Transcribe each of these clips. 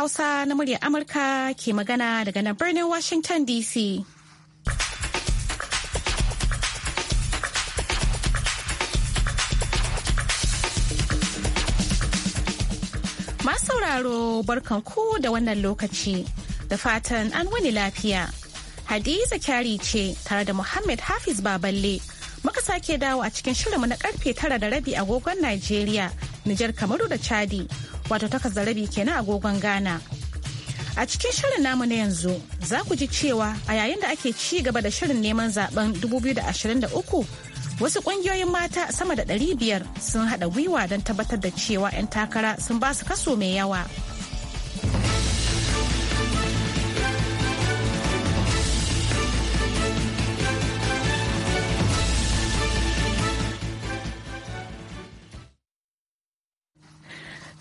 Hausa na muryar Amurka ke magana daga na birnin Washington DC. Masu barkan ku da wannan lokaci da fatan an wani lafiya. Hadiza kyari ce tare da Muhammad Hafiz Baballe. Muka sake dawo a cikin shirinmu na karfe tara da rabi agogon Najeriya, Nijar Kamaru da Chadi. wato ta da kenan kenan agogon Ghana. A cikin shirin namu na yanzu za ku ji cewa a yayin da ake ci gaba da shirin neman zaben 2023 wasu kungiyoyin mata sama da 500 sun hada gwiwa don tabbatar da cewa 'yan takara sun ba su kaso mai yawa.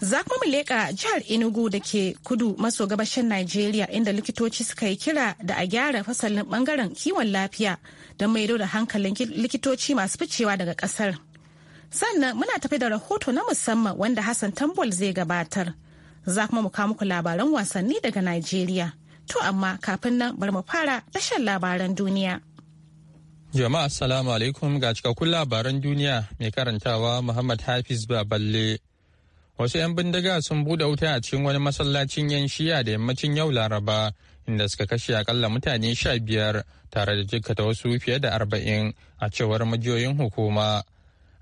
Za kuma mu leƙa jihar Enugu da ke kudu maso gabashin Najeriya inda likitoci suka yi kira da a gyara fasalin bangaren kiwon lafiya don maido da hankalin likitoci masu ficewa daga ƙasar. Sannan muna tafi da rahoto na musamman wanda Hassan Tambol zai gabatar. Za kuma mu muku labaran wasanni daga Najeriya. To amma kafin nan bari mu fara tashar labaran duniya. Jama'a assalamu alaikum ga cikakkun labaran duniya mai karantawa Muhammad Hafiz Baballe. wasu 'yan bindiga sun buɗe wuta a cikin wani masallacin yan shiya da yammacin yau laraba inda suka kashe akalla mutane sha biyar tare da jikkata wasu fiye da arba'in a cewar majiyoyin hukuma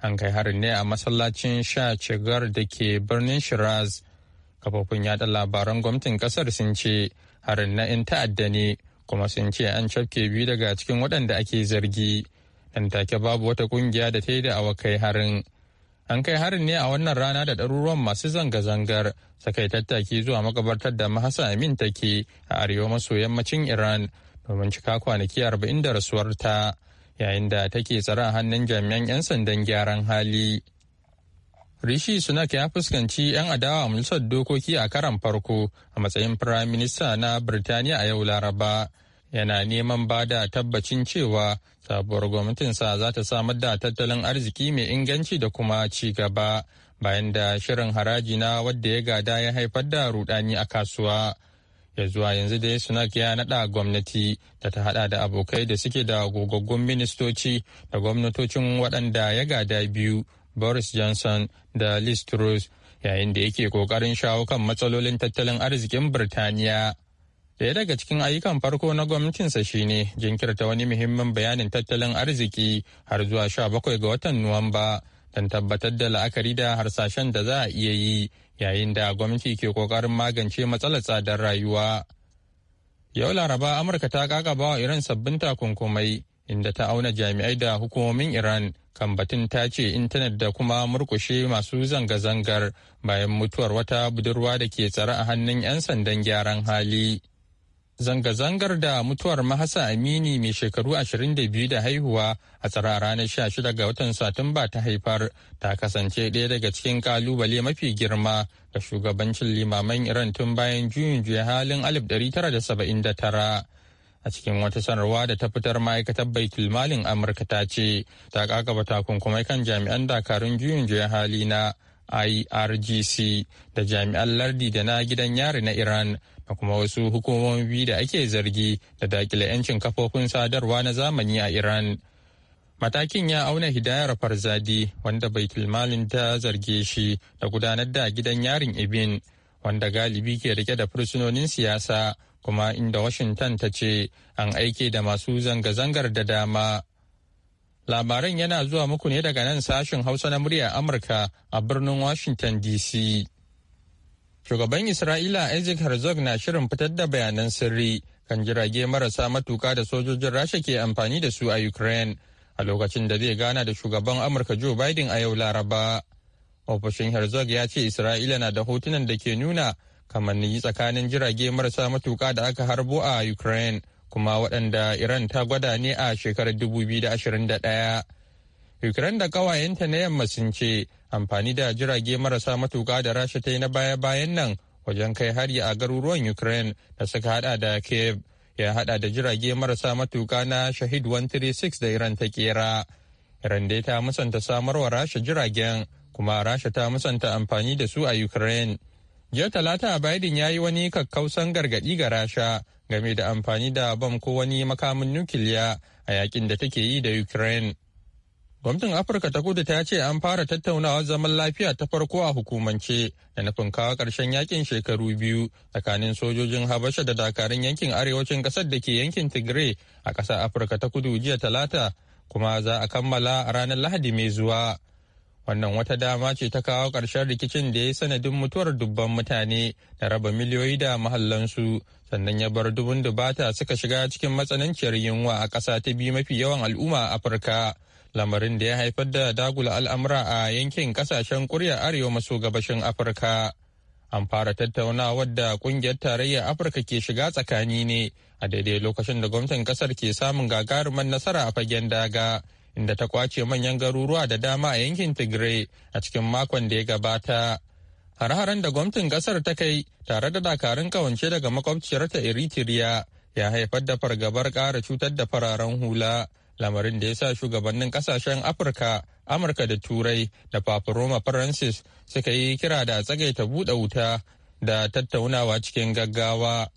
an kai harin ne a masallacin sha cigar da ke birnin shiraz kafofin yada labaran gwamnatin kasar sun ce harin na 'yan ta'adda ne kuma sun ce an cafke biyu daga cikin waɗanda ake zargi ɗan take babu wata kungiya da ta yi da awakai harin An kai harin ne a wannan rana da ɗaruruwan masu zanga-zangar suka yi tattaki zuwa makabartar da Mahasa Amin take a arewa maso yammacin Iran domin cika kwanaki arba'in da rasuwarta yayin da take tsare a hannun jami'an 'yan sandan gyaran hali. Rishi Sunak ya fuskanci 'yan adawa a dokoki a karan farko a matsayin Firayim Minista na Birtaniya a yau Laraba. yana neman ba da tabbacin cewa sabuwar gwamnatinsa za ta samar da tattalin arziki mai inganci da kuma ci gaba bayan da shirin haraji na wadda ya gada ya haifar da rudani a kasuwa ya zuwa yanzu da sunak ya naɗa gwamnati da ta haɗa da abokai da suke da gogaggun ministoci da gwamnatocin waɗanda ya gada biyu boris johnson da liz truss yayin da yake kokarin shawo kan matsalolin tattalin arzikin birtaniya Daya daga cikin ayyukan farko na gwamnatinsa shine jinkirta wani muhimmin bayanin tattalin arziki har zuwa 17 ga watan Nuwamba don tabbatar da la'akari da harsashen da za a iya yi yayin da gwamnati ke kokarin magance matsalar tsadar rayuwa. Yau Laraba Amurka ta kakaba wa Iran sabbin takunkumai inda ta auna jami'ai da hukumomin Iran kan batun ta ce intanet da kuma murkushe masu zanga-zangar bayan mutuwar wata budurwa da ke tsare a hannun 'yan sandan gyaran hali. Zanga-zangar da mutuwar Mahasa Amini mai shekaru 22 da haihuwa a tsara ranar 16 ga watan Satumba ta haifar ta kasance ɗaya daga cikin kalubale mafi girma ga shugabancin limaman Iran tun bayan juyin juya halin 1979. A cikin wata sanarwa da ta fitar ma'aikatar Baitul Malin Amurka ta ce ta kakaba takunkumai kan jami'an dakarun juyin juya hali na IRGC da jami'an lardi da na gidan yari na Iran. da kuma wasu hukumomi da ake zargi da dakile 'yancin kafofin sadarwa na zamani a Iran. Matakin ya auna hidayar farzadi wanda bai kilmalin ta zarge shi da gudanar da gidan yarin ibin wanda galibi ke rike da fursunonin siyasa kuma inda Washington ta ce an aike da masu zanga-zangar da dama. Labaran yana zuwa muku ne daga nan sashen Hausa na murya Amurka a birnin Washington DC. Shugaban Isra'ila Isaac Herzog na shirin fitar da bayanan sirri kan jirage marasa matuka da sojojin Rasha ke amfani da su a Ukraine a lokacin da zai gana da shugaban Amurka Joe Biden a yau Laraba. Ofishin Herzog ya ce Isra'ila na da hotunan da ke nuna kamanni tsakanin jirage marasa matuka da aka harbo a Ukraine kuma waɗanda Iran ta gwada ne a shekarar 2021. Ukraine da ƙawayenta na yamma sun ce amfani da jirage marasa matuƙa da Rasha ta yi na baya-bayan nan wajen kai hari a garuruwan Ukraine da suka hada da Kiev ya hada da jirage marasa matuƙa na Shahid 136 da Iran ta kera. Iran dai ta musanta samarwa Rasha jiragen kuma Rasha ta musanta amfani da su a Ukraine. Jiya Talata Biden ya yi wani kakkausan gargaɗi ga Rasha game da amfani da bam ko wani makamin nukiliya a yakin da take yi da Ukraine. Gwamnatin Afirka ta kudu ta ce an fara tattaunawa zaman lafiya ta farko a hukumance da nufin kawo ƙarshen yakin shekaru biyu tsakanin sojojin Habasha da dakarun yankin arewacin ƙasar da ke yankin Tigray a ƙasar Afirka ta kudu jiya talata kuma za a kammala a ranar Lahadi mai zuwa. Wannan wata dama ce ta kawo ƙarshen rikicin da ya sanadin mutuwar dubban mutane da raba miliyoyi da mahallansu sannan ya bar dubun dubata suka shiga cikin matsananciyar yunwa a ƙasa ta biyu mafi yawan al'umma a Afirka. lamarin da ya haifar da dagula al'amura a yankin kasashen kurya arewa maso gabashin afirka an fara tattaunawar da kungiyar tarayyar afirka ke shiga tsakani ne a daidai lokacin da gwamnatin kasar ke samun gagarumar nasara a fagen daga inda ta kwace manyan garuruwa da dama a yankin tigray a cikin makon da ya gabata har-haren da gwamnatin kasar ta kai tare da dakarun kawance daga makwabciyarta eritrea ya haifar da fargabar ƙara cutar da fararen hula lamarin da ya sa shugabannin kasashen afirka amurka da turai da roma francis suka yi kira da tsagaita buɗe wuta da tattaunawa cikin gaggawa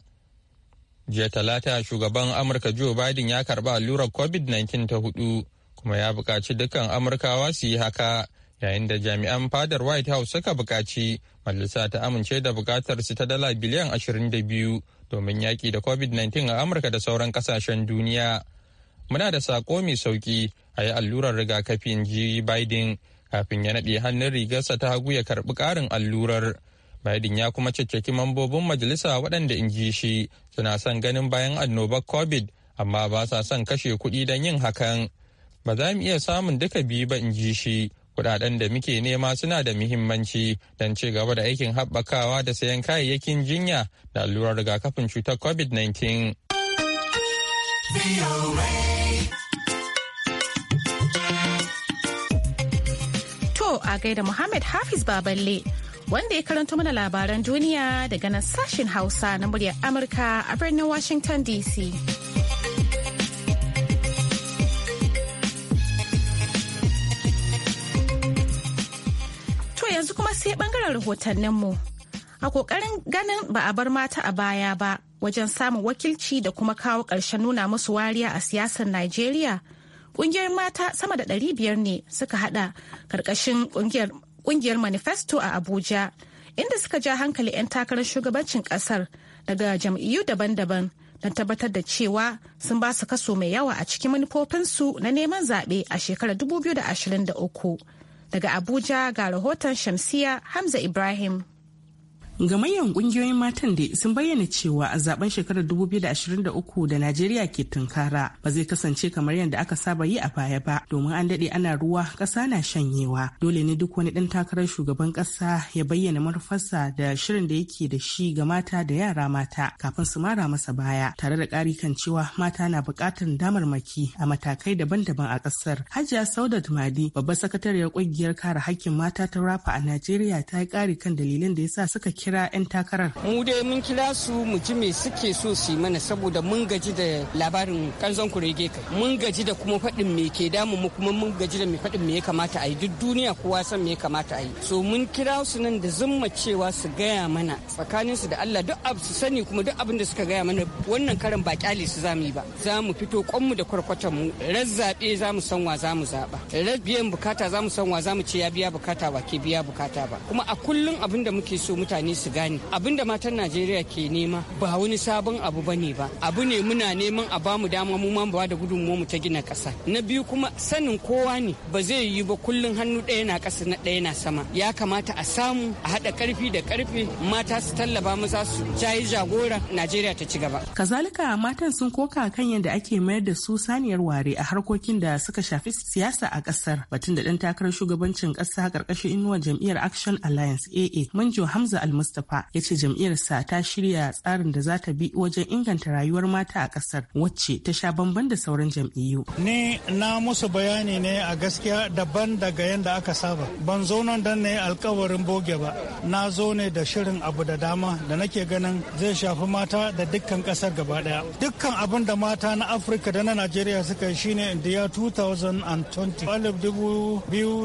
jiya talata shugaban amurka joe biden ya karba allurar covid-19 ta hudu kuma ya bukaci dukkan amurkawa su yi haka yayin da jami'an fadar white house suka bukaci majalisa ta amince da buƙatar su ta dala biliyan 22 domin yaƙi da covid-19 a amurka da sauran ƙasashen duniya. muna da sako mai sauƙi a yi allurar rigakafin ji Biden kafin ya naɗe hannun rigarsa ta hagu ya karɓi ƙarin allurar. Biden ya kuma caccaki mambobin majalisa waɗanda in ji shi suna son ganin bayan annobar COVID amma ba sa son kashe kuɗi don yin hakan. Ba za mu iya samun duka biyu ba in ji shi. Kuɗaɗen da muke nema suna da muhimmanci don ci gaba da aikin haɓakawa da sayan kayayyakin jinya da allurar rigakafin cutar COVID-19. a gaida Muhammad Hafiz Baballe wanda ya karanto mana labaran duniya daga nan sashen Hausa na muryar Amurka a birnin Washington DC. To yanzu kuma sai bangaren rahotanninmu. A kokarin ganin ba a bar mata a baya ba wajen samun wakilci da kuma kawo ƙarshen nuna musu wariya a siyasar Najeriya. Ƙungiyar mata sama da 500 ne suka hada karkashin ƙungiyar manifesto a Abuja, inda suka ja hankali 'yan takarar shugabancin ƙasar daga jam'iyyu daban-daban na tabbatar da cewa sun ba su kaso mai yawa a cikin manufofinsu na neman zaɓe a shekarar 2023. Daga Abuja ga rahoton Shamsiya Hamza Ibrahim. manyan kungiyoyin matan da sun bayyana cewa a zaben shekarar 2023 da Najeriya ke tunkara ba zai kasance kamar yadda aka saba yi a baya ba domin an daɗe ana ruwa ƙasa na shanyewa. Dole ne duk wani ɗan takarar shugaban ƙasa ya bayyana manufarsa da shirin da yake da shi ga mata da yara mata kafin su mara masa baya tare da ƙari kan cewa mata na buƙatar damarmaki a matakai daban-daban a ƙasar. Hajiya Saudat Madi babbar sakatariyar ƙungiyar kare haƙƙin mata ta rafa a Najeriya ta yi ƙari kan dalilan da yasa suka kira 'yan takarar. Mu dai mun kira su mu ji me suke so su mana saboda mun gaji da labarin kanzon kurege kai. Mun gaji da kuma faɗin me ke damu mu kuma mun gaji da me faɗin me ya kamata a yi duk duniya kowa san me ya kamata a yi. So mun kira su nan da zumma cewa su gaya mana tsakanin su da Allah duk abu su sani kuma duk abin da suka gaya mana wannan karan ba kyale su zamu yi ba. Za mu fito kwanmu da kwarkwatan mu razzabe za mu san wa za mu zaɓa. Biyan bukata za mu san wa za mu ce ya biya bukata wa ke biya bukata ba. Kuma a kullum abin da muke so mutane su gane abin da matan najeriya ke nema ba wani sabon abu bane ba abu ne muna neman a bamu dama mu ma ba da gudunmu mu ta gina kasa na biyu kuma sanin kowa ne ba zai yi ba kullun hannu ɗaya na ƙasa na ɗaya na sama ya kamata a samu a haɗa ƙarfi da ƙarfe mata su tallaba maza su jayi jagora najeriya ta ci gaba kazalika matan sun koka kan yadda ake mayar da su saniyar ware a harkokin da suka shafi siyasa a ƙasar batun da ɗan takarar shugabancin ƙasa ƙarƙashin inuwar jam'iyyar action alliance aa manjo hamza almus Mustapha ya ce jam'iyyarsa ta shirya tsarin da za ta bi wajen inganta rayuwar mata a ƙasar wacce ta sha bamban da sauran jam'iyyu. Ni na musu bayani ne a gaskiya daban daga yadda aka saba. Ban zo nan dan ne alkawarin boge ba. Na zo ne da shirin abu da dama da nake ganin zai shafi mata da dukkan ƙasar gaba ɗaya. Dukkan abin da mata na Afirka da na Najeriya suka yi shine India 2020. Alif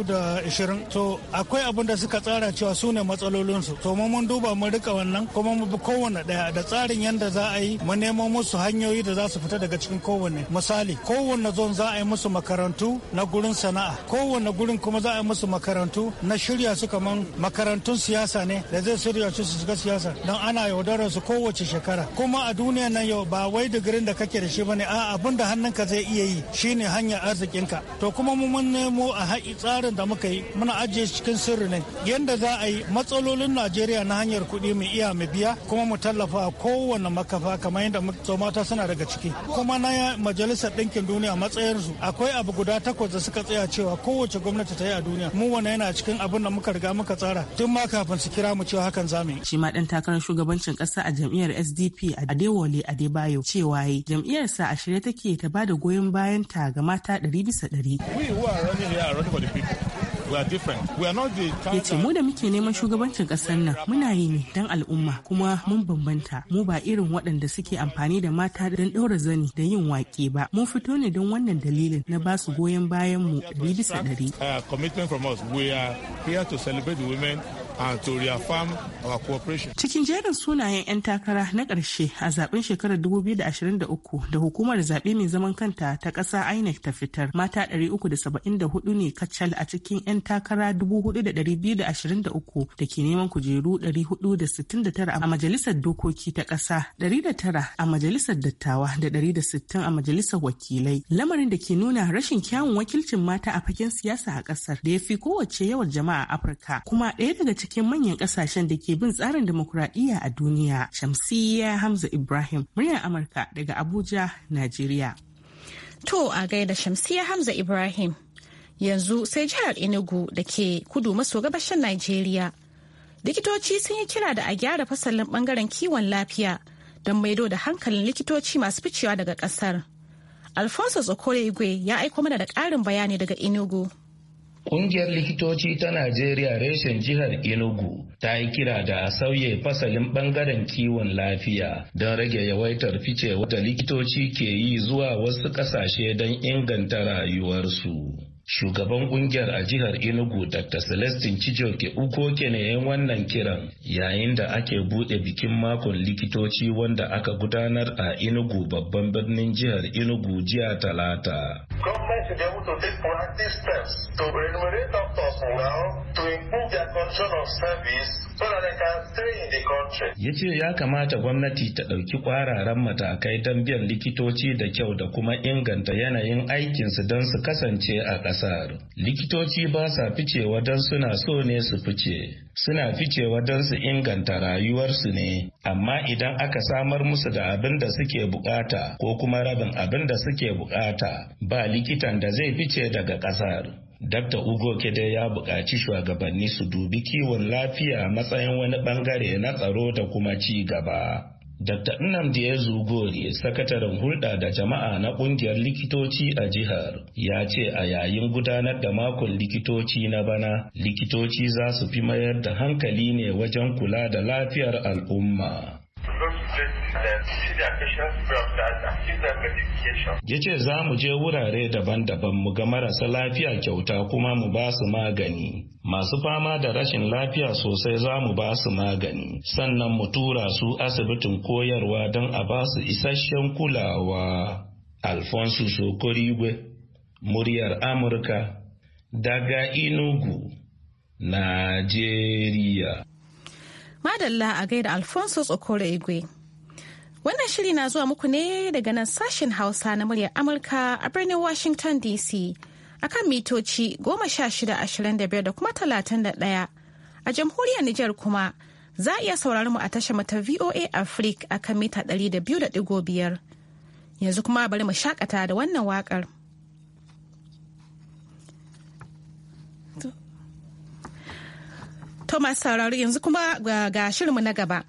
da ishirin. To akwai abin da suka tsara cewa su ne matsalolinsu. To mun mun duba mun rika wannan kuma mu bi kowane daya da tsarin yadda za a yi mu nemo musu hanyoyi da za su fita daga cikin kowane misali kowane zon za a yi musu makarantu na gurin sana'a kowane gurin kuma za a yi musu makarantu na shirya su kaman makarantun siyasa ne da zai shirya su su shiga siyasa don ana yaudarar su kowace shekara kuma a duniya nan yau ba wai digirin da kake da shi ba ne a'a abin da hannunka zai iya yi shine hanyar ka to kuma mu mun nemo a haƙi tsarin da muka yi muna ajiye cikin sirri ne yadda za a yi matsalolin Najeriya na na hanyar kuɗi mu iya mu biya kuma mu tallafa a kowane makafa kamar yadda mata suna daga ciki kuma na majalisar ɗinkin duniya matsayarsu akwai abu guda takwas da suka tsaya cewa kowace gwamnati ta yi a duniya mu wannan yana cikin abin da muka riga muka tsara tun ma kafin su kira mu cewa hakan zamu yi shi ma ɗan takarar shugabancin ƙasa a jam'iyyar SDP a a Adebayo cewa yi jam'iyyar sa a shirye take ta bada goyon bayan ta ga mata ɗari bisa ɗari. yace mu da muke neman shugabancin kasar nan muna yi ne don al'umma kuma mun bambanta mu ba irin waɗanda suke amfani da mata don ɗaura zani da yin waƙe ba mun fito ne don wannan dalilin na ba su goyon bayan mu ɗari bisa ɗari. Cikin jerin sunayen 'yan takara na ƙarshe a zaben shekarar 2023 da hukumar zaɓe mai zaman kanta ta ƙasa INEC ta fitar mata 374 ne kacal a cikin 'yan takara 4,223 da ke neman kujeru 469 a majalisar dokoki ta ƙasa 109 a majalisar dattawa da 160 a majalisar wakilai lamarin da ke nuna rashin kyawun wakilcin mata a fagen siyasa a ƙasar da ya fi kowace yawan jama'a Afirka kuma ɗaya daga cikin manyan kasashen da ke bin tsarin demokuraɗiyya a duniya. Shamsiyya Hamza Ibrahim, muryar Amurka daga Abuja, Najeriya. To a gaida Shamsiyya Hamza Ibrahim. Yanzu sai jihar Enugu da ke kudu maso gabashin Najeriya. Likitoci sun yi kira da a gyara fasalin bangaren kiwon lafiya don maido da hankalin likitoci masu ficewa daga kasar. Alfonso Okoro ya aiko mana da ƙarin bayani daga Enugu. Ƙungiyar likitoci ta Najeriya reshen jihar Enugu ta yi kira da sauye fasalin ɓangaren kiwon lafiya don rage yawaitar ficewa da likitoci ke yi zuwa wasu ƙasashe don inganta rayuwarsu. shugaban kungiyar a jihar enugu dr celestin cijoke ke ne yan wannan kiran yayin da ake bude bikin makon likitoci wanda aka gudanar a enugu babban birnin jihar enugu jiya talata ya ce ya kamata gwamnati ta ɗauki ƙwararren matakai don biyan likitoci da kyau da kuma inganta yanayin aikinsu don su kasance a ƙasa kasar likitoci ba sa ficewa don suna so ne su fice suna ficewa don su inganta rayuwarsu ne amma idan aka samar musu da abin da suke bukata ko kuma rabin abin da suke bukata ba likitan da zai fice daga kasar Dr. Ugo Kede ya buƙaci shugabanni su dubi kiwon lafiya matsayin wani ɓangare na tsaro da kuma ci gaba. Dr. Nnamdi Ezugori, sakataren hulɗa da jama'a na ƙungiyar likitoci a jihar, ya ce a yayin gudanar da makon likitoci na bana, likitoci za su fi mayar da hankali ne wajen kula da lafiyar al'umma. Ya ce za mu je wurare daban-daban mu ga marasa lafiya kyauta kuma mu ba su magani. Masu fama da rashin lafiya sosai za mu ba su magani, sannan mu tura su asibitin koyarwa don a ba su isasshen kulawa. Alfonso Sokorigwe, muryar Amurka, daga Inugu, Najeriya. Madalla a gaida Alfonso Tsokoro Igwe. Wannan shiri na zuwa muku ne daga nan sashen Hausa na muryar Amurka a birnin Washington DC a kan mitoci 1625 da kuma 31. A jamhuriyar Nijar kuma za a iya saurari mu a tashar mata VOA Africa kan mita 200.5. Yanzu kuma bari mu shakata da wannan wakar. Thomas masu sauraro yanzu kuma ga shirinmu na gaba.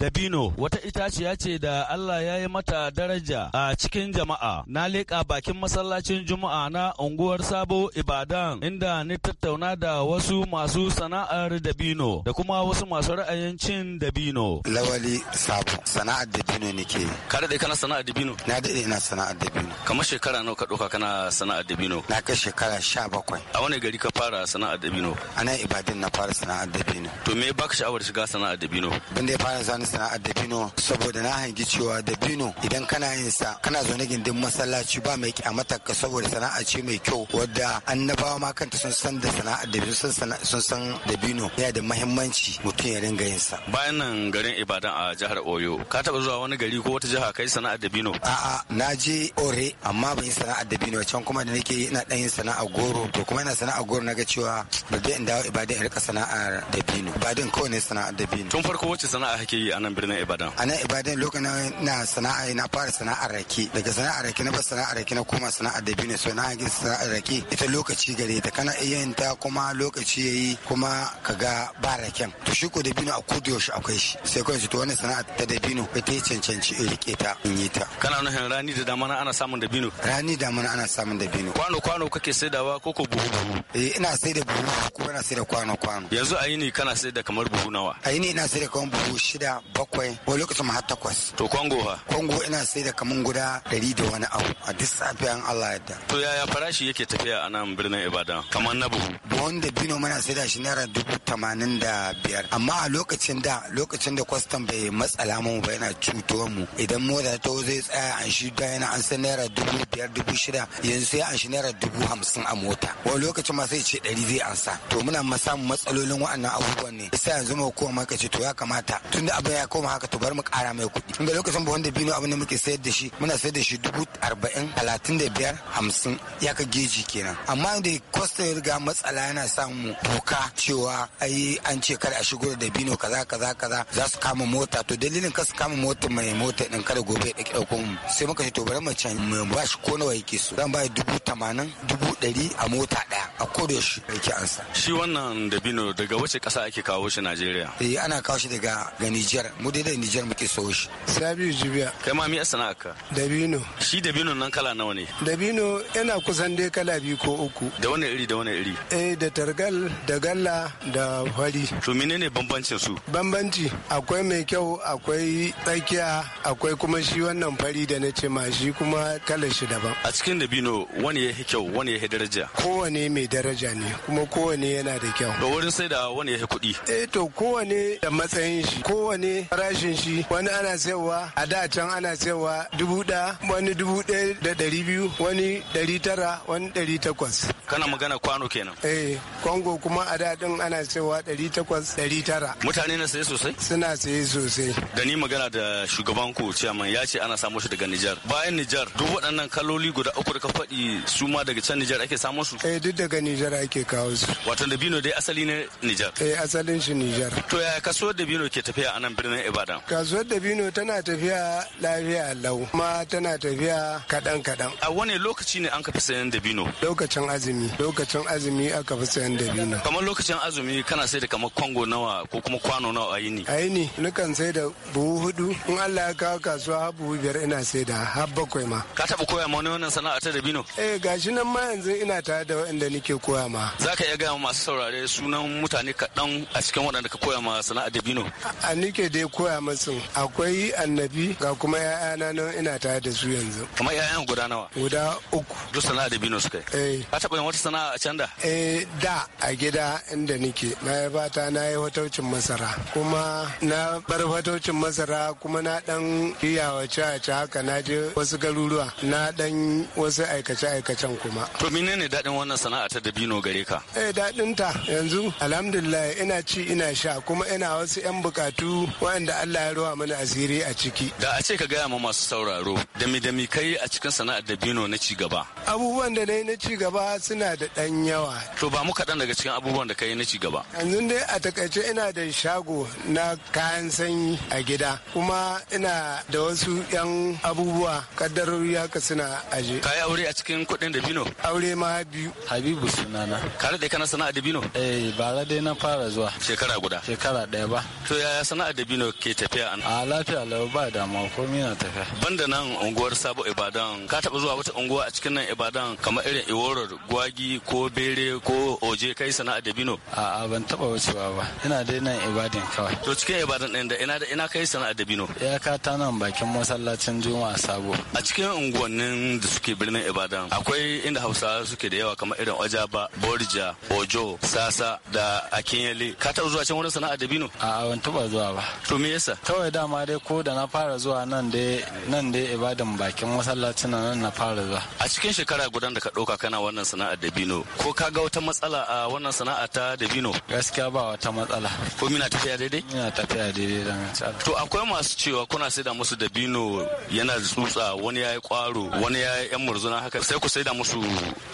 Dabino wata itaciya ce da Allah ya yi mata daraja a cikin jama'a. Na leƙa bakin masallacin Juma'a na unguwar Sabo Ibadan inda ni tattauna da wasu masu sana'ar dabino da kuma wasu masu ra'ayin cin dabino. Lawali Sabo sana'ar dabino ne ke. Ka daɗe kana sana'ar dabino? Na daɗe ina sana'ar dabino. Kamar shekara nawa ka ɗauka kana sana'ar dabino? Na kai shekara sha bakwai. A wani gari ka fara sana'ar dabino? A nan Ibadan na fara sana'ar dabino. To me baka sha'awar shiga sana'ar dabino? Bin da ya fara sana'ar dabino saboda na hangi cewa dabino idan kana yin sa kana zaune gindin masallaci ba mai kyamata ka saboda sana'a ce mai kyau wadda annabawa ma kanta sun san da sana'ar dabino sun san dabino yana da mahimmanci mutum ya ringa yin sa. Bayan nan garin Ibadan a jihar Oyo ka taba zuwa wani gari ko wata jiha kai sana'ar dabino? A'a na je Ore amma ban yi sana'ar dabino can kuma da nake ina dan yin sana'a goro to kuma ina sana'a goro na ga cewa ba dai in dawo Ibadan in rika sana'ar dabino. Ibadan kawai ne sana'ar dabino. Tun farko wacce sana'a kake yi a nan birnin Ibadan. A nan Ibadan lokacin na sana'a na fara sana'ar rake daga sana'ar rake na ba sana'ar rake na koma sana'ar da bine so na yi sana'ar rake ita lokaci gare ta kana iya yin ta kuma lokaci yayi kuma kaga ba raken to shi ko da bine a kudu yaushe akwai shi sai kawai to wannan sana'ar ta da bine ko ta cancanci in rike ta in yi ta. Kana nufin rani da damana ana samun da bine Rani damana ana samun da bine Kwano kwano kake saidawa ko ko buhu buhu. Eh ina saida buhu ko ina saida kwano kwano. Yanzu a yini kana saida kamar buhu nawa. A yini ina saida kamar buhu shida bakwai ko lokacin ma har takwas. To Kongo ha? Kongo ina sai da kamun guda ɗari da wani abu a duk safiyan Allah yadda. To yaya farashi yake tafiya a nan birnin Ibadan kamar na buhu? Buhun da bino mana sai da shi naira dubu tamanin da biyar amma a lokacin da lokacin da kwastam bai matsala mu ba yana cuto mu idan mota ta zai tsaya an shi da yana an san naira dubu biyar dubu shida yanzu sai an shi naira dubu hamsin a mota wani lokacin ma sai ce ɗari zai ansa to muna ma samun matsalolin wa'annan abubuwan ne isa yanzu ma kowa ka ce to ya kamata tunda abin sai ya koma haka to bar mu kara mai kuɗi ga lokacin buhun da bino abin da muke sayar da shi muna sayar da shi dubu arba'in talatin da biyar hamsin ya ka geji kenan amma da kwasta ya riga matsala yana samu doka cewa ai an ce kada a shigo da bino kaza kaza kaza za su kama mota to dalilin ka su kama mota mai mota din kada gobe ya ɗauki ɗauko mu sai muka ce to bari mu can mu ba shi ko nawa yake so zan ba dubu tamanin dubu ɗari a mota ɗaya a kodayaushe da yaushe yake ansa shi wannan dabino daga wace ƙasa ake kawo shi Najeriya eh ana kawo shi daga ga Niger mu dai da Niger muke so shi Sabiu Jibiya kai ma me sana'arka dabino shi dabino nan kala nawa ne dabino yana kusan dai kala biyu ko uku da wani iri da wani iri eh da targal da galla da fari to menene bambancin su bambanci akwai mai kyau akwai tsakiya akwai kuma shi wannan fari da na ce ma shi kuma kalar shi daban a cikin dabino wani ya kyau wani ya daraja kowane mai daraja daraja ne kuma kowane yana da kyau to wurin sai da wani ya kuɗi e to kowane da matsayin shi kowane farashin shi wani ana sayarwa a da can ana sayarwa dubu ɗaya wani dubu ɗaya da ɗari biyu wani ɗari tara wani ɗari takwas kana magana kwano kenan eh kongo kuma a dadin ana cewa 800-900 mutane na saye sosai suna saye sosai da ni magana da shugaban ku ciyaman ya ce ana samo shi daga Nijar bayan Nijar duk waɗannan kaloli guda uku da ka faɗi su ma daga can Nijar ake samo su eh duk daga Nijar ake kawo su wato da bino dai asali ne Nijar eh asalin shi Nijar to ya kasuwar da bino ke tafiya a nan birnin Ibadan kasuwar da bino tana tafiya lafiya lau kuma tana tafiya kaɗan kaɗan a wani lokaci ne an ka fi sayan da bino lokacin azumi azumi lokacin azumi aka fi sayan dabino kamar lokacin azumi kana sai da kamar kwango nawa ko kuma kwano nawa a yini a yini nukan sai da buhu hudu in Allah ya kawo kasuwa har buhu biyar ina sai da har bakwai ma ka taba koya ma wani wannan sana'a ta dabino eh gashi nan ma yanzu ina tare da waɗanda nake koya ma zaka iya gaya masu saurare sunan mutane kaɗan a cikin waɗanda ka koya ma sana'a dabino a nike dai koya masu akwai annabi ga kuma ya'yana nan ina tare da su yanzu kamar ya'yan guda nawa guda uku duk sana'a dabino suka yi eh ka taba wata sana'a a can da? Eh da a gida inda nike na bata na yi hotocin masara kuma na bar fataucin masara kuma na dan yawace a ci haka na je wasu garuruwa na dan wasu aikace aikacen kuma. To ne daɗin wannan sana'a ta dabino gare ka? Eh daɗin ta yanzu alhamdulillah ina ci ina sha kuma ina wasu 'yan bukatu waɗanda Allah ya ruwa mana asiri a ciki. Da a ce ka gaya ma masu sauraro dami dami kai a cikin sana'ar dabino na ci gaba. Abubuwan da na yi na ci gaba sun Ina da ɗan yawa. To ba mu kaɗan daga cikin abubuwan da ka yi na ci gaba. Yanzu dai a takaice ina da shago na kayan sanyi a gida kuma ina da wasu 'yan abubuwa kaddarori haka suna aje. Ka yi aure a cikin kuɗin dabino? Aure ma biyu. Habibu sunana. Ka da kana sana'a dabino? Eh bara dai na fara zuwa. Shekara guda? Shekara ɗaya ba. To yaya sana'a dabino ke tafiya? A lafiya lau ba damuwa komai na tafiya. Banda nan unguwar Sabo Ibadan ka taɓa zuwa wata unguwa a cikin nan Ibadan kamar irin Iworo Gwari agwagi ko bere ko oje kai sana'a dabino a'a ban taba wucewa ba ina dai nan ibadin kawai to cikin ibadan din da ina da ina kai sana'a dabino ya ka ta nan bakin masallacin juma'a sabo a cikin unguwannin da suke birnin ibadan akwai inda hausawa suke da yawa kamar irin ojaba borja ojo sasa da akinyele ka taba zuwa can wurin sana'a dabino a'a ban taba zuwa ba to me yasa kawai dama dai ko da na fara zuwa nan dai nan dai ibadan bakin masallacin nan na fara zuwa a cikin shekara gudan da ka ɗauka kana wannan sana'a sana'a dabino ko ka ga wata matsala a wannan sana'a ta dabino gaskiya ba wata matsala ko mina tafiya daidai mina tafiya daidai da to akwai masu cewa kuna saida musu dabino yana tsutsa wani yayi kwaro wani yayi yan murzuna haka sai ku saida musu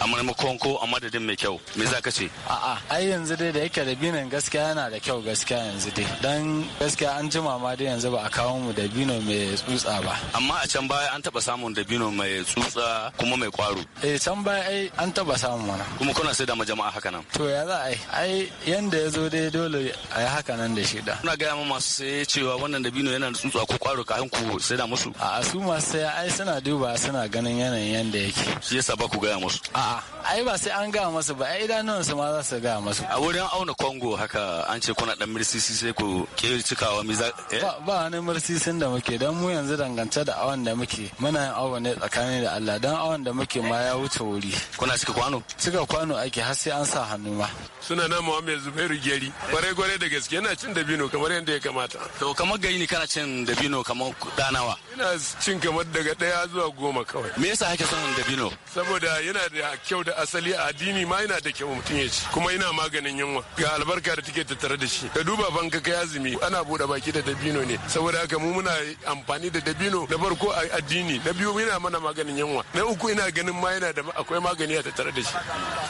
a maimakon ko a madadin mai kyau me za ka ce a'a ai yanzu dai da yake dabinon gaskiya yana da kyau gaskiya yanzu dai dan gaskiya an jima ma dai yanzu ba a kawo mu dabino mai tsutsa ba amma a can baya an taba samun dabino mai tsutsa kuma mai kwaro eh can baya ai an taba samu mana kuma kuna sai da ma jama'a haka nan to ya za a yi ai yanda ya zo dai dole a yi haka nan da shi da kuna gaya ma masu saye cewa wannan dabino yana da tsuntsu ko kwaro kafin ku sai da musu a su masu saya ai suna duba suna ganin yanayin yanda yake shi yasa ba ku gaya musu a'a ai ba sai an gaya musu ba ai su ma za su gaya musu a wurin auna kongo haka an ce kuna dan mirsi sai ku ke cikawa za. Eh? ba wani sun da muke dan mu yanzu dangance da awan da muke muna yin awon ne tsakanin da Allah dan awan da muke ma ya wuce wuri kuna cika kwano kwano cika kwano ake har sai an sa hannu ma suna na muhammed zubairu geri kwarai kwarai da gaske yana cin dabino kamar yadda ya kamata to kamar gari ne kana cin dabino kamar danawa ina cin kamar daga daya zuwa goma kawai me yasa ake son dabino saboda yana da kyau da asali a addini ma yana da kyau mutum ya ci kuma yana maganin yunwa ga albarka da take tattare da shi ka duba banka kai azumi ana bude baki da dabino ne saboda haka mu muna amfani da dabino na farko a addini na biyu yana mana maganin yunwa na uku ina ganin ma yana da akwai magani a tattare da shi shi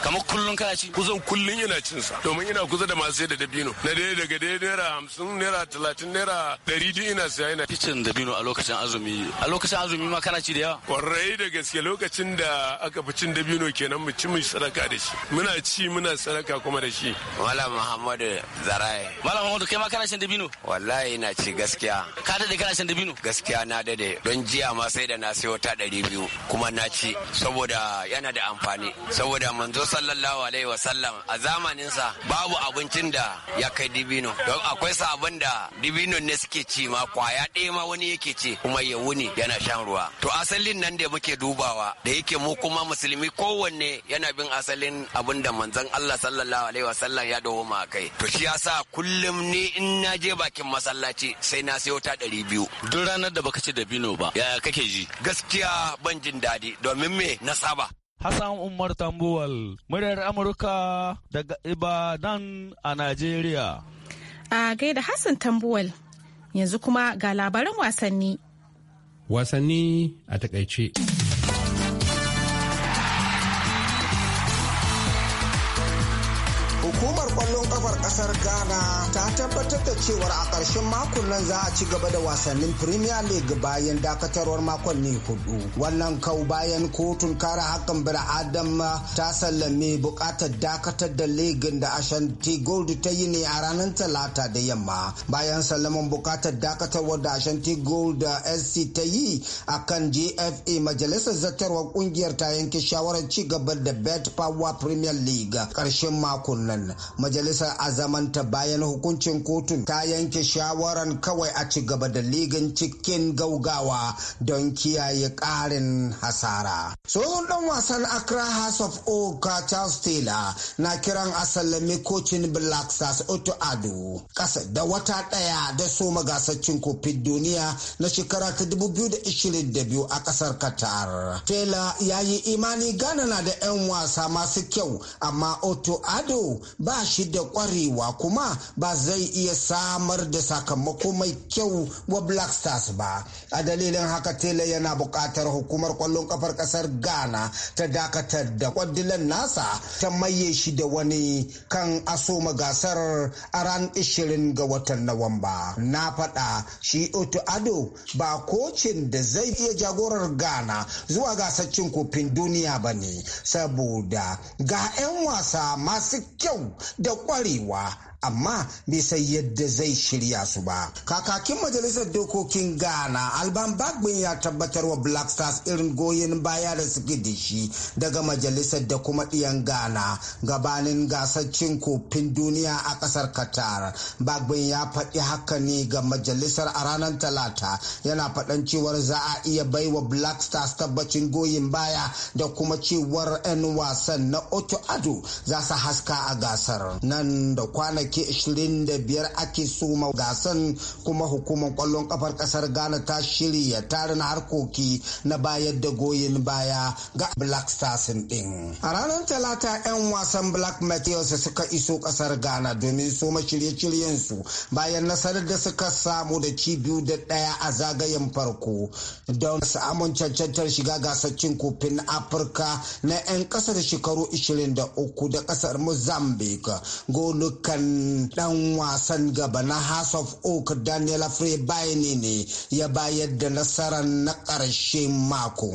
kamar kullun kana ci kusan kullun ina cin sa domin ina kusa da masu sayar da dabino na dai daga dai naira hamsin naira talatin naira ɗari duk ina siya ina kicin dabino a lokacin azumi a lokacin azumi ma kana ci da yawa kwarai da gaske lokacin da aka fi cin dabino kenan mu ci mu sadaka da shi muna ci muna sadaka kuma da shi malam muhammadu zarai malam muhammadu kai ma kana cin dabino wallahi ina ci gaskiya ka da kana cin dabino gaskiya na dade don jiya ma sai da na sayo ta ɗari biyu kuma na ci saboda yana da amfani saboda manzo sallallahu alaihi wasallam a zamaninsa babu abincin da ya kai dibino don akwai sabon da dibino ne suke ci ma kwaya ɗaya ma wani yake ci kuma ya wuni yana shan ruwa to asalin nan da muke dubawa da yake mu kuma musulmi kowanne yana bin asalin abin da manzon Allah sallallahu alaihi wasallam ya dawo ma kai to shi yasa kullum ni in na je bakin masallaci sai na sayo ta ɗari biyu duk ranar da baka ci dabino ba yaya kake ji gaskiya ban jin daɗi domin me na saba Hassan Umar Tambuwal, muryar Amurka daga Ibadan a Najeriya. A gaida Hassan Tambuwal, yanzu kuma ga labaran wasanni. Wasanni a takaice. Hukumar kwallon kafar kasar Ghana ta tabbatar da cewar a ƙarshen makon nan za a ci gaba da wasannin premier league bayan dakatarwar ne hudu wannan kau bayan kotun kara hakan adam ta sallame buƙatar dakatar da ligin da ashanti gold ta yi ne a ranar talata da yamma bayan sallaman buƙatar dakatarwar da ashanti gold da sc ta yi a kan gfa majalisar zartarwar kungiyar ta yanke shawarar ci gaba da bet power premier league ƙarshen makon nan majalisar azamanta bayan hukumar hukuncin kotun ta yanke shawaran kawai a ci gaba da ligin cikin gaugawa don kiyaye ƙarin hasara. Tsohon ɗan wasan Accra House of Oka Charles Taylor na kiran asalami kocin Black Stars otu Ado ƙasa da wata ɗaya da soma gasar kofin duniya na shekara ta 2022 a ƙasar Qatar. Taylor ya yi imani gana na da 'yan wasa masu kyau amma otu Ado ba shi da ƙwarewa kuma ba zai iya samar da sakamako mai kyau wa black stars ba a dalilin haka tela yana buƙatar hukumar kwallon kafar ƙasar ghana ta dakatar da kwadilan nasa ta maye shi da wani kan asoma gasar a ran 20 ga watan nawamba na faɗa shi otu ado ba kocin da zai iya jagorar ghana zuwa gasar cinkofin kofin duniya ba ne saboda ga 'yan wasa masu kyau da kwarewa amma bai san yadda zai shirya su ba kakakin majalisar dokokin ghana alban bagbin ya tabbatar wa black stars irin goyon baya da suke da shi daga majalisar da kuma ɗiyan ghana gabanin gasar cin kofin duniya a ƙasar qatar bagbin ya faɗi haka ne ga majalisar a ranar talata yana faɗan cewar za a iya baiwa black stars tabbacin goyon baya da kuma cewar 'yan wasan na oto ado za su haska a gasar nan da kwanaki kwanaki 25 ake soma gasan kuma hukumar kwallon kafar kasar ghana ta shirya tarin harkoki na bayar da goyin baya ga black stars din a ranar talata 'yan wasan black matthews suka iso kasar ghana domin soma shirye-shiryensu bayan nasarar da suka samu da ci biyu da daya a zagayen farko don samun cancantar shiga gasar kofin afirka na 'yan kasar shekaru 23 da kasar mozambique golukan dan wasan gaba na House of Oak Daniel Afrebaini ne ya bayar da nasarar na ƙarshe mako.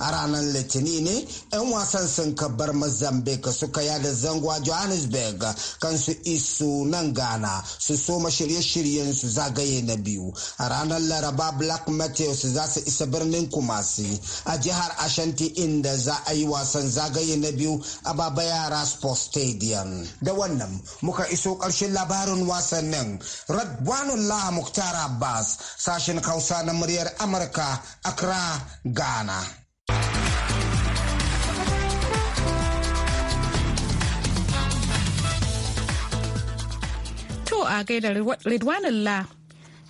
A ranar Litini ne 'yan wasan sun kabar Mozambique suka yada zangwa Johannesburg kansu isu nan gana su soma shirye-shiryen su zagaye na biyu. A ranar Laraba Black Matthews za su isa birnin Kumasi a jihar Ashanti inda za a yi wasan zagaye na biyu a Baba Yara Sports Stadium. Da wannan muka iso ƙarshen labarin wasannin. Radwanullah Muktar Abbas, sashen Hausa na muryar Amurka, Accra, Ghana. To a gaida Ridwanullah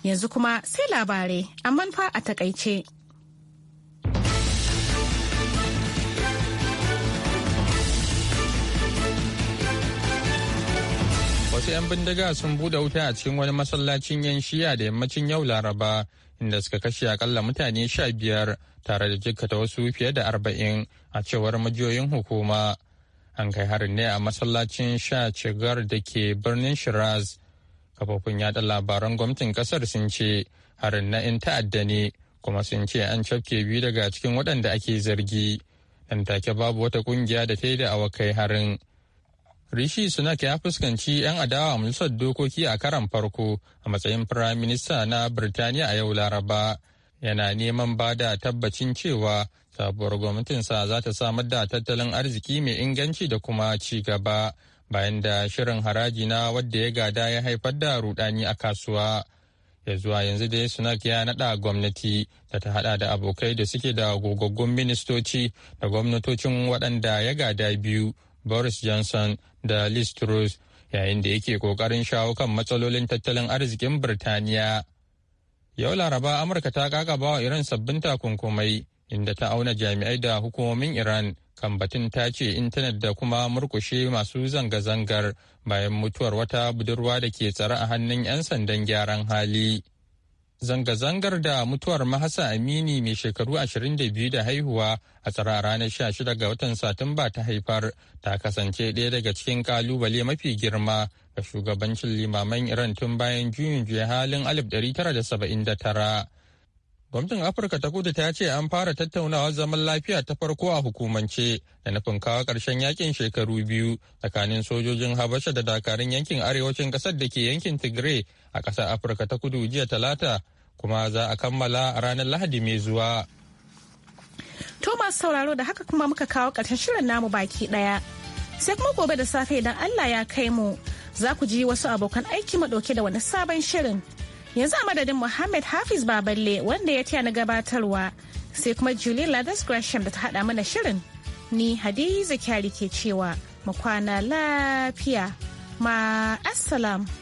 yanzu kuma sai labarai, amma fa a takaice. wasu 'yan bindiga sun bude wuta a cikin wani masallacin yan shiya da yammacin yau laraba inda suka kashe akalla mutane sha biyar tare da jikkata wasu fiye da arba'in a cewar majiyoyin hukuma an kai harin ne a masallacin sha cigar da ke birnin shiraz kafofin yada labaran gwamnatin kasar sun ce harin na in ta'adda ne kuma sun ce an cafke biyu daga cikin waɗanda ake zargi nan take babu wata ƙungiya da ta yi da awakai harin Rishi Sunak ya fuskanci 'yan adawa majalisar dokoki a karan farko a matsayin Firayim Minista na Birtaniya a yau Laraba. Yana neman ba da tabbacin cewa sabuwar gwamnatinsa za ta samar da tattalin arziki mai inganci da kuma ci gaba bayan da shirin haraji na wadda ya gada ya haifar da rudani a kasuwa. Ya zuwa yanzu dai Sunak ya nada gwamnati da ta hada da abokai da suke da gogaggun ministoci da gwamnatocin waɗanda ya gada biyu boris johnson da liz truss yayin da yake kokarin shawo kan matsalolin tattalin arzikin birtaniya yau laraba amurka ta kaga wa iran sabbin takunkumai inda ta auna jami'ai da hukumomin iran kan batun ta ce intanet da kuma murkushe masu zanga-zangar bayan mutuwar wata budurwa da ke tsare a hannun 'yan sandan gyaran hali zanga-zangar da mutuwar mahasa amini mai shekaru 22 da haihuwa a tsara ranar 16 ga watan satumba ta haifar ta kasance ɗaya daga cikin kalubale mafi girma ga shugabancin limaman iran tun bayan juyin juya halin 1979 gwamnatin afirka ta kudu ta ce an fara tattaunawa zaman lafiya ta farko a hukumance da nufin kawo ƙarshen yakin shekaru biyu tsakanin sojojin habasha da dakarun yankin arewacin ƙasar da ke yankin tigray a ƙasar afirka ta kudu jiya talata kuma za a kammala ranar lahadi mai zuwa thomas sauraro da haka kuma muka kawo ƙarshen shirin namu baki ɗaya sai kuma gobe da safe idan allah ya kai mu za ku ji wasu abokan aiki mu ɗauke da wani sabon shirin yanzu a madadin Muhammad Hafiz Baballe wanda ya taya na gabatarwa sai kuma Julie Ladas Gresham da ta haɗa mana shirin. Ni Hadiza Kyari ke cewa mu kwana lafiya ma assalam.